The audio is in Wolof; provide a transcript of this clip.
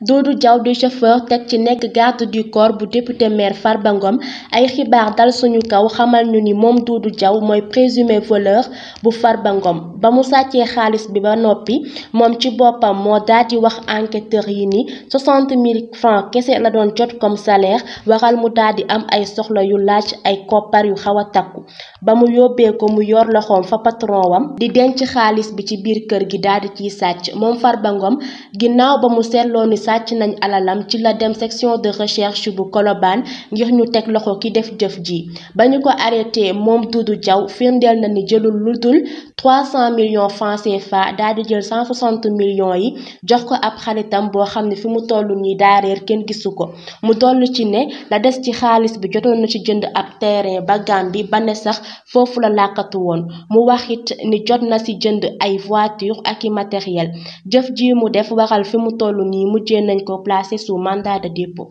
Doudou Diaw de chauffeur tek ci garde du corps bu député maire Farbangom ay xibar dal suñu kaw xamal ñu ni moom Doudou Diaw mooy présumé voleur bu Farbangom Ngom ba mu sàccee bi ba nopi mom ci bopam mo wax enquêteur yi ni 60000 francs kese la doon jot comme salaire waral mu am ay soxla yu laaj ay copar yu xawa takku ba mu yóbbee ko mu yor loxoom fa patron wam di denc xaalis bi ci bir kër gi di sàcc nañ alalam ci la dem section de recherche bu Koloban ngir ñu tek loxo ki def jëf ji bañu ko arrêté mom Doudou Diaw firndel na ni jëlul lutul 300 millions francs CFA daal di jël 160 millions yi jox ko ab xaritam bo xamni ne fi mu toll nii daa réer kenn gisu mu tollu ci ne la dess ci xaalis bu jotoon ci jënd ab terrain ba Gàmbi ba ne sax fofu la laqatu won mu waxit ni jotna ci jënd ay voiture ak i matériel jëf ji mu def waral fi mu ni mu mujjee nañ ko placé sous mandat de dépôt